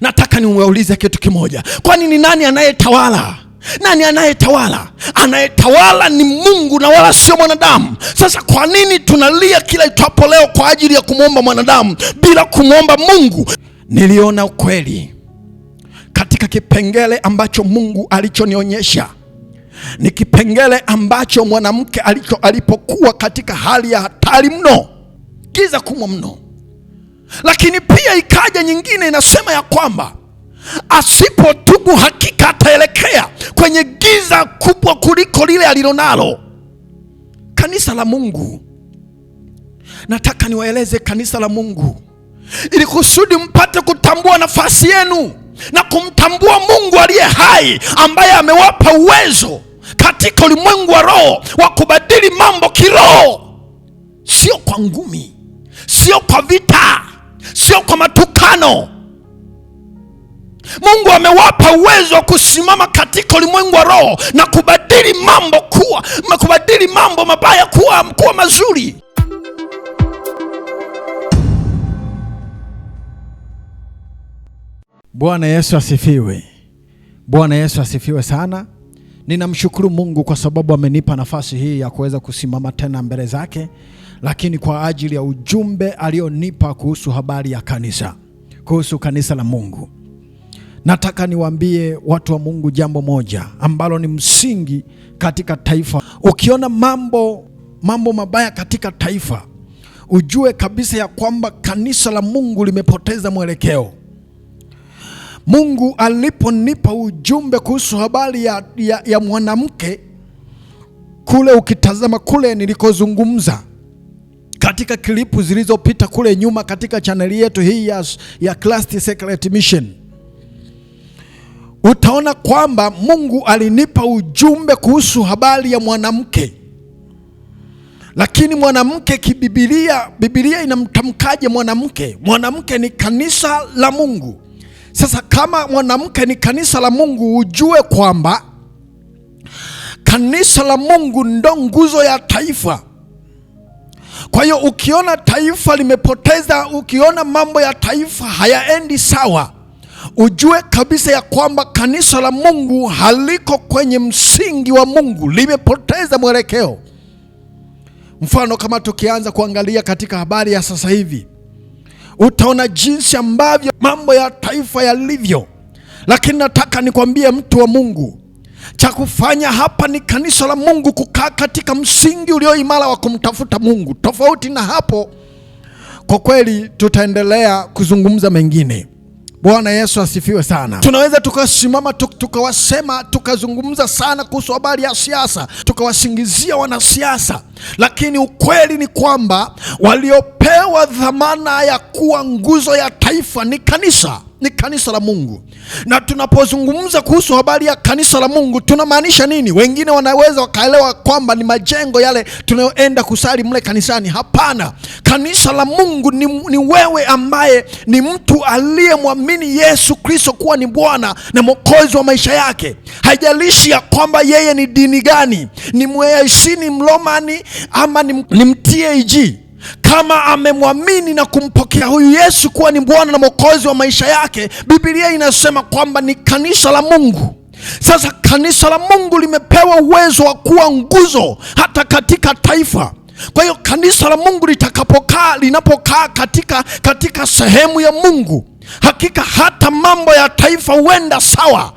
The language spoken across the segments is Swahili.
nataka niwaulize kitu kimoja, kwani ni nani anayetawala? Nani anayetawala? Anayetawala ni Mungu na wala sio mwanadamu. Sasa kwa nini tunalia kila itwapo leo kwa ajili ya kumwomba mwanadamu bila kumwomba Mungu? Niliona ukweli katika kipengele ambacho Mungu alichonionyesha ni kipengele ambacho mwanamke alipokuwa katika hali ya hatari mno, giza kumwa mno lakini pia ikaja nyingine inasema ya kwamba asipotubu hakika ataelekea kwenye giza kubwa kuliko lile alilonalo. Kanisa la Mungu, nataka niwaeleze kanisa la Mungu, ili kusudi mpate kutambua nafasi yenu na kumtambua Mungu aliye hai, ambaye amewapa uwezo katika ulimwengu wa roho wa kubadili mambo kiroho, sio kwa ngumi, sio kwa vita sio kwa matukano. Mungu amewapa uwezo wa kusimama katika ulimwengu wa roho na kubadili mambo kuwa kubadili mambo mabaya kuwa, kuwa mazuri. Bwana Yesu asifiwe. Bwana Yesu asifiwe sana. Ninamshukuru Mungu kwa sababu amenipa nafasi hii ya kuweza kusimama tena mbele zake lakini kwa ajili ya ujumbe alionipa kuhusu habari ya kanisa, kuhusu kanisa la Mungu. Nataka niwaambie watu wa Mungu jambo moja ambalo ni msingi katika taifa. Ukiona mambo mambo mabaya katika taifa, ujue kabisa ya kwamba kanisa la Mungu limepoteza mwelekeo. Mungu aliponipa ujumbe kuhusu habari ya, ya, ya mwanamke kule, ukitazama kule nilikozungumza katika klipu zilizopita kule nyuma katika chaneli yetu hii ya, ya Christ Secret Mission utaona kwamba Mungu alinipa ujumbe kuhusu habari ya mwanamke, lakini mwanamke kibibilia, Biblia inamtamkaje mwanamke? Mwanamke ni kanisa la Mungu. Sasa kama mwanamke ni kanisa la Mungu, ujue kwamba kanisa la Mungu ndo nguzo ya taifa. Kwa hiyo ukiona taifa limepoteza, ukiona mambo ya taifa hayaendi sawa, ujue kabisa ya kwamba kanisa la Mungu haliko kwenye msingi wa Mungu, limepoteza mwelekeo. Mfano, kama tukianza kuangalia katika habari ya sasa hivi, utaona jinsi ambavyo mambo ya taifa yalivyo, lakini nataka nikwambie mtu wa Mungu cha kufanya hapa ni kanisa la Mungu kukaa katika msingi ulio imara wa kumtafuta Mungu. Tofauti na hapo, kwa kweli tutaendelea kuzungumza mengine. Bwana Yesu asifiwe sana. Tunaweza tukasimama tukawasema tukazungumza sana kuhusu habari ya siasa, tukawasingizia wanasiasa, lakini ukweli ni kwamba waliopewa dhamana ya kuwa nguzo ya taifa ni kanisa ni kanisa la Mungu. Na tunapozungumza kuhusu habari ya kanisa la Mungu tunamaanisha nini? Wengine wanaweza wakaelewa kwamba ni majengo yale tunayoenda kusali mle kanisani. Hapana, kanisa la Mungu ni, ni wewe ambaye ni mtu aliyemwamini Yesu Kristo kuwa ni Bwana na Mwokozi wa maisha yake. Haijalishi ya kwamba yeye ni dini gani, ni mweaisini mlomani ama ni, ni mtiag kama amemwamini na kumpokea huyu Yesu kuwa ni Bwana na Mwokozi wa maisha yake, Biblia inasema kwamba ni kanisa la Mungu. Sasa kanisa la Mungu limepewa uwezo wa kuwa nguzo hata katika taifa. Kwa hiyo kanisa la Mungu litakapokaa, linapokaa katika, katika sehemu ya Mungu, hakika hata mambo ya taifa huenda sawa.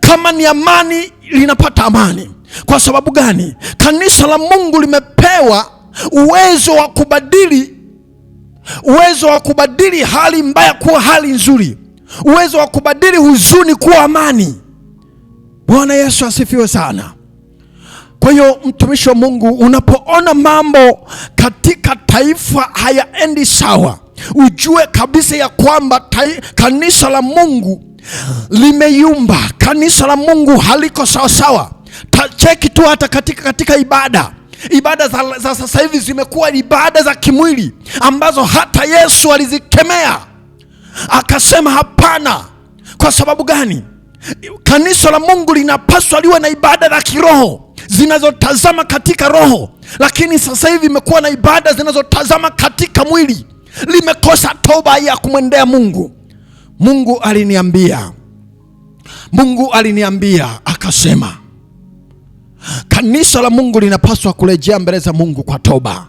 Kama ni amani, linapata amani. Kwa sababu gani? Kanisa la Mungu limepewa uwezo wa kubadili, uwezo wa kubadili hali mbaya kuwa hali nzuri, uwezo wa kubadili huzuni kuwa amani. Bwana Yesu asifiwe sana. Kwa hiyo mtumishi wa Mungu, unapoona mambo katika taifa hayaendi sawa, ujue kabisa ya kwamba kanisa la Mungu limeyumba, kanisa la Mungu haliko sawasawa. Tacheki tu hata katika, katika ibada Ibada za, za sasa hivi zimekuwa ibada za kimwili ambazo hata Yesu alizikemea akasema hapana. Kwa sababu gani? Kanisa la Mungu linapaswa liwe na ibada za kiroho zinazotazama katika roho, lakini sasa hivi imekuwa na ibada zinazotazama katika mwili. Limekosa toba ya kumwendea Mungu. Mungu aliniambia, Mungu aliniambia akasema Kanisa la Mungu linapaswa kurejea mbele za Mungu kwa toba.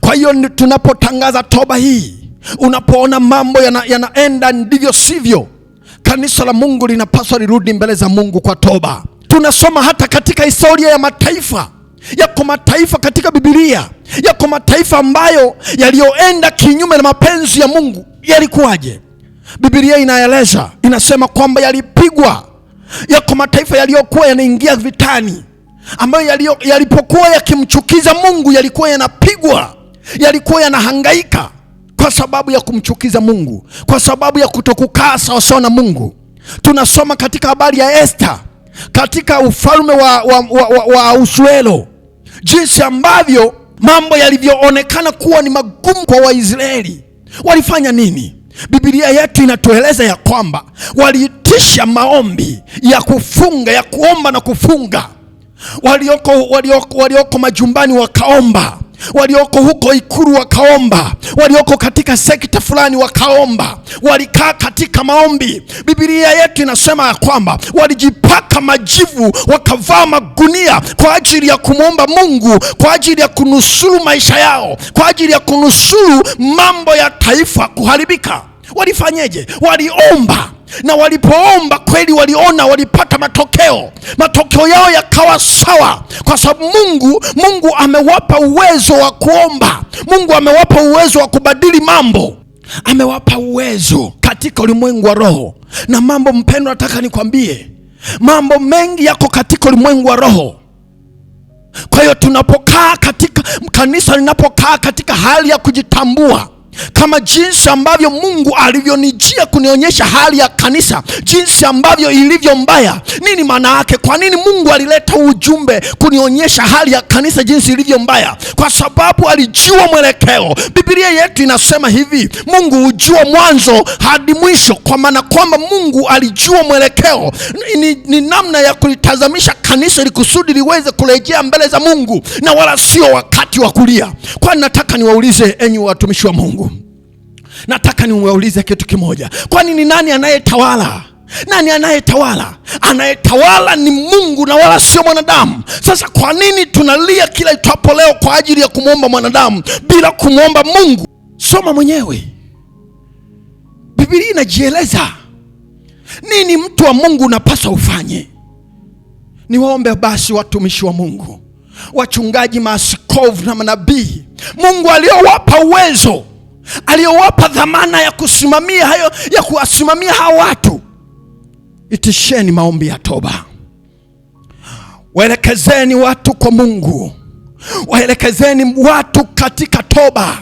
Kwa hiyo tunapotangaza toba hii, unapoona mambo yana, yanaenda ndivyo sivyo, kanisa la Mungu linapaswa lirudi mbele za Mungu kwa toba. Tunasoma hata katika historia ya mataifa, yako mataifa katika Biblia, yako mataifa ambayo yaliyoenda kinyume na mapenzi ya Mungu. Yalikuwaje? Biblia inaeleza, inasema kwamba yalipigwa. Yako mataifa yaliyokuwa yanaingia vitani ambayo yalipokuwa yakimchukiza Mungu yalikuwa yanapigwa, yalikuwa yanahangaika kwa sababu ya kumchukiza Mungu, kwa sababu ya kutokukaa sawasawa na Mungu. Tunasoma katika habari ya Esta katika ufalme wa, wa, wa, wa, wa Ahasuero, jinsi ambavyo mambo yalivyoonekana kuwa ni magumu kwa Waisraeli. Walifanya nini? Biblia yetu inatueleza ya kwamba waliitisha maombi ya kufunga, ya kuomba na kufunga walioko, walioko, walioko majumbani wakaomba walioko huko Ikulu wakaomba, walioko katika sekta fulani wakaomba, walikaa katika maombi. Biblia yetu inasema ya kwamba walijipaka majivu, wakavaa magunia kwa ajili ya kumwomba Mungu, kwa ajili ya kunusuru maisha yao, kwa ajili ya kunusuru mambo ya taifa kuharibika. Walifanyeje? Waliomba, na walipoomba kweli waliona, walipata matokeo. Matokeo yao yakawa sawa, kwa sababu Mungu Mungu amewapa uwezo wa kuomba. Mungu amewapa uwezo wa kubadili mambo, amewapa uwezo katika ulimwengu wa roho. Na mambo mpendwa, nataka nikwambie mambo mengi yako katika ulimwengu wa roho. Kwa hiyo tunapokaa katika kanisa, linapokaa katika hali ya kujitambua kama jinsi ambavyo Mungu alivyonijia kunionyesha hali ya kanisa, jinsi ambavyo ilivyo mbaya. Nini maana yake? Kwa nini Mungu alileta ujumbe kunionyesha hali ya kanisa jinsi ilivyo mbaya? Kwa sababu alijua mwelekeo. Biblia yetu inasema hivi, Mungu hujua mwanzo hadi mwisho, kwa maana kwamba Mungu alijua mwelekeo ni, ni namna ya kulitazamisha kanisa ili kusudi liweze kurejea mbele za Mungu na wala sio wakati wa kulia. Kwa nataka niwaulize enyi watumishi wa Mungu, nataka niwaulize kitu kimoja, kwani ni nani anayetawala? Nani anayetawala? Anayetawala ni Mungu na wala sio mwanadamu. Sasa kwa nini tunalia kila itwapo leo kwa ajili ya kumwomba mwanadamu bila kumwomba Mungu? Soma mwenyewe Biblia inajieleza nini mtu wa Mungu unapaswa ufanye. Niwaombe basi watumishi wa Mungu, wachungaji, maaskofu na manabii, Mungu aliowapa uwezo aliyowapa dhamana ya kusimamia hayo ya kuwasimamia hawa watu, itisheni maombi ya toba, waelekezeni watu kwa Mungu, waelekezeni watu katika toba,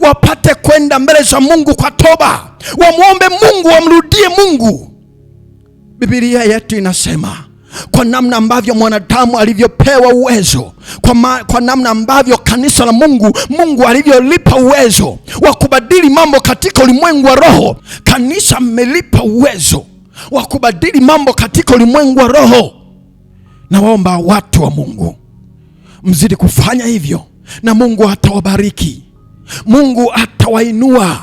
wapate kwenda mbele za Mungu kwa toba, wamwombe Mungu, wamrudie Mungu. Biblia yetu inasema kwa namna ambavyo mwanadamu alivyopewa uwezo kwa, ma, kwa namna ambavyo kanisa la Mungu, Mungu alivyolipa uwezo wa kubadili mambo katika ulimwengu wa roho. Kanisa mmelipa uwezo wa kubadili mambo katika ulimwengu wa roho. Nawaomba watu wa Mungu mzidi kufanya hivyo, na Mungu atawabariki, Mungu atawainua.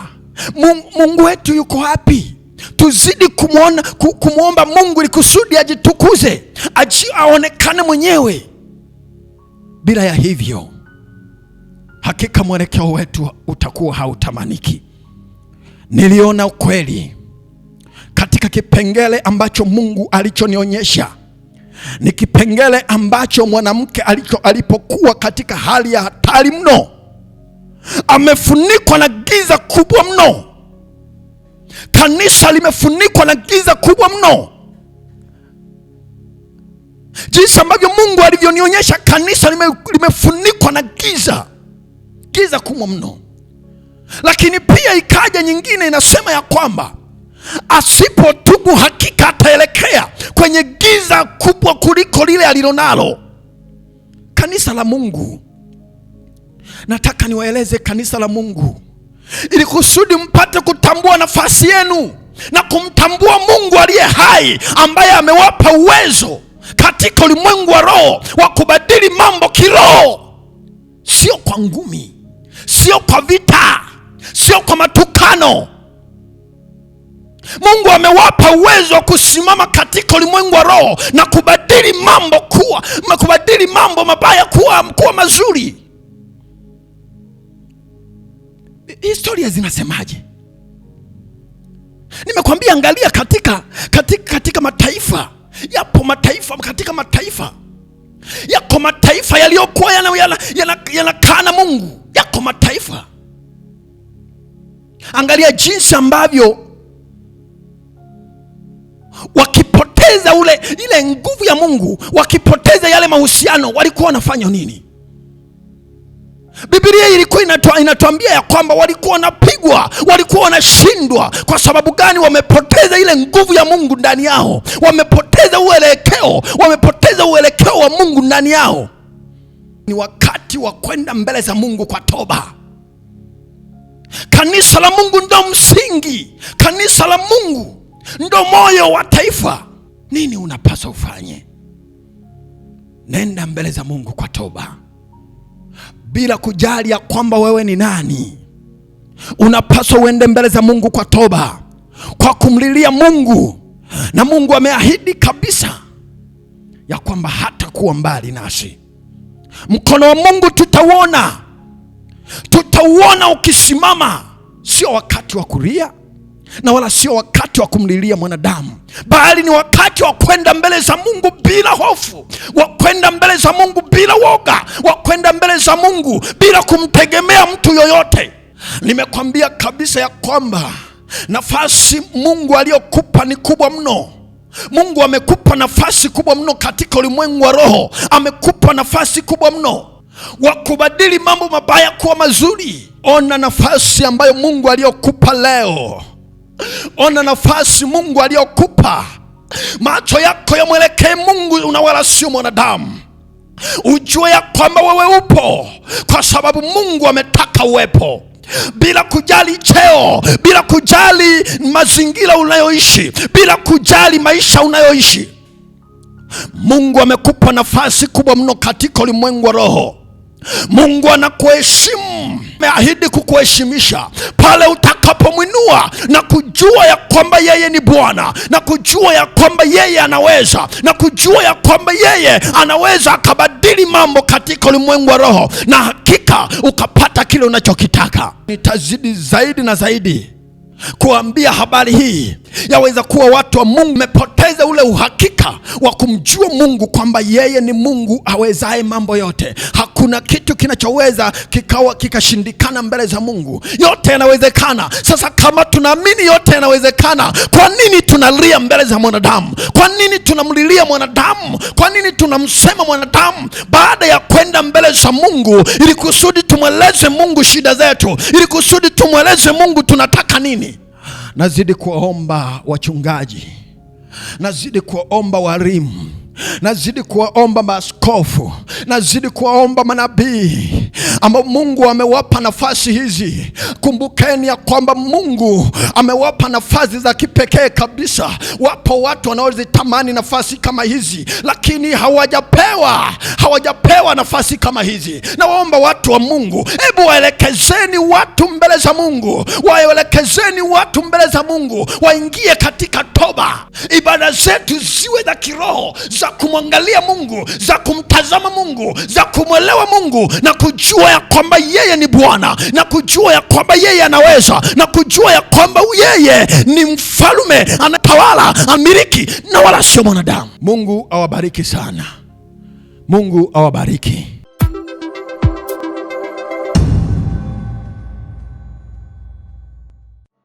Mungu, Mungu wetu yuko wapi? tuzidi kumwona, kumwomba Mungu ili kusudi ajitukuze, aonekane mwenyewe. Bila ya hivyo, hakika mwelekeo wetu utakuwa hautamaniki. Niliona ukweli katika kipengele ambacho Mungu alichonionyesha ni kipengele ambacho mwanamke alipokuwa katika hali ya hatari mno, amefunikwa na giza kubwa mno Kanisa limefunikwa na giza kubwa mno, jinsi ambavyo Mungu alivyonionyesha. Kanisa limefunikwa na giza, giza kubwa mno. Lakini pia ikaja nyingine inasema ya kwamba asipotubu hakika ataelekea kwenye giza kubwa kuliko lile alilonalo. Kanisa la Mungu, nataka niwaeleze kanisa la Mungu ili kusudi mpate kutambua nafasi yenu na kumtambua Mungu aliye hai ambaye amewapa uwezo katika ulimwengu wa roho wa kubadili mambo kiroho, sio kwa ngumi, sio kwa vita, sio kwa matukano. Mungu amewapa uwezo wa kusimama katika ulimwengu wa roho na kubadili mambo kuwa, kubadili mambo mabaya kuwa, kuwa mazuri. historia zinasemaje? Nimekwambia, angalia katika, katika, katika mataifa yapo mataifa, katika mataifa yako mataifa yaliyokuwa yanakaa yana, yana, yana na Mungu. Yako mataifa, angalia jinsi ambavyo wakipoteza ule ile nguvu ya Mungu, wakipoteza yale mahusiano, walikuwa wanafanya nini? Biblia ilikuwa inatuambia ya kwamba walikuwa wanapigwa, walikuwa wanashindwa. Kwa sababu gani? Wamepoteza ile nguvu ya Mungu ndani yao, wamepoteza uelekeo, wamepoteza uelekeo wa Mungu ndani yao. Ni wakati wa kwenda mbele za Mungu kwa toba. Kanisa la Mungu ndo msingi, kanisa la Mungu ndo moyo wa taifa. Nini unapaswa ufanye? Nenda mbele za Mungu kwa toba bila kujali ya kwamba wewe ni nani. Unapaswa uende mbele za Mungu kwa toba, kwa kumlilia Mungu, na Mungu ameahidi kabisa ya kwamba hatakuwa mbali nasi. Mkono wa Mungu tutauona, tutauona ukisimama. Sio wakati wa kulia na wala sio wakati wa kumlilia mwanadamu, bali ni wakati wa kwenda mbele za Mungu bila hofu, wa kwenda mbele za Mungu bila woga kwenda mbele za Mungu bila kumtegemea mtu yoyote. Nimekwambia kabisa ya kwamba nafasi Mungu aliyokupa ni kubwa mno. Mungu amekupa nafasi kubwa mno katika ulimwengu wa roho, amekupa nafasi kubwa mno wa kubadili mambo mabaya kuwa mazuri. Ona nafasi ambayo Mungu aliyokupa leo, ona nafasi Mungu aliyokupa. Macho yako yamwelekee Mungu, unawala sio mwanadamu ujue ya kwamba wewe upo, kwa sababu Mungu ametaka uwepo bila kujali cheo, bila kujali mazingira unayoishi, bila kujali maisha unayoishi. Mungu amekupa nafasi kubwa mno katika ulimwengu wa roho. Mungu anakuheshimu, ameahidi kukuheshimisha pale kujua na kujua ya kwamba yeye ni Bwana na kujua ya kwamba yeye anaweza na kujua ya kwamba yeye anaweza akabadili mambo katika ulimwengu wa roho, na hakika ukapata kile unachokitaka. Nitazidi zaidi na zaidi kuambia habari hii Yaweza kuwa watu wa Mungu mepoteza ule uhakika wa kumjua Mungu kwamba yeye ni Mungu awezaye mambo yote. Hakuna kitu kinachoweza kikawa kikashindikana mbele za Mungu, yote yanawezekana. Sasa kama tunaamini yote yanawezekana, kwa nini tunalia mbele za mwanadamu? Kwa nini tunamlilia mwanadamu? Kwa nini tunamsema mwanadamu baada ya kwenda mbele za Mungu ili kusudi tumweleze Mungu shida zetu, ili kusudi tumweleze Mungu tunataka nini? Nazidi kuwaomba wachungaji, nazidi kuwaomba walimu, nazidi kuwaomba maaskofu, nazidi kuwaomba manabii ambao Mungu amewapa nafasi hizi. Kumbukeni ya kwamba Mungu amewapa nafasi za kipekee kabisa. Wapo watu wanaozitamani nafasi kama hizi, lakini hawajapewa hawajapewa nafasi kama hizi. Nawaomba watu wa Mungu, hebu waelekezeni watu mbele za Mungu, waelekezeni watu mbele za Mungu, waingie katika toba. Ibada zetu ziwe za kiroho, za kumwangalia Mungu, za kumtazama Mungu, za kumwelewa Mungu na kujua kujua ya kwamba yeye ni Bwana na kujua ya kwamba yeye anaweza na kujua ya kwamba yeye ni mfalume anatawala, amiliki na wala sio mwanadamu. Mungu awabariki sana. Mungu awabariki.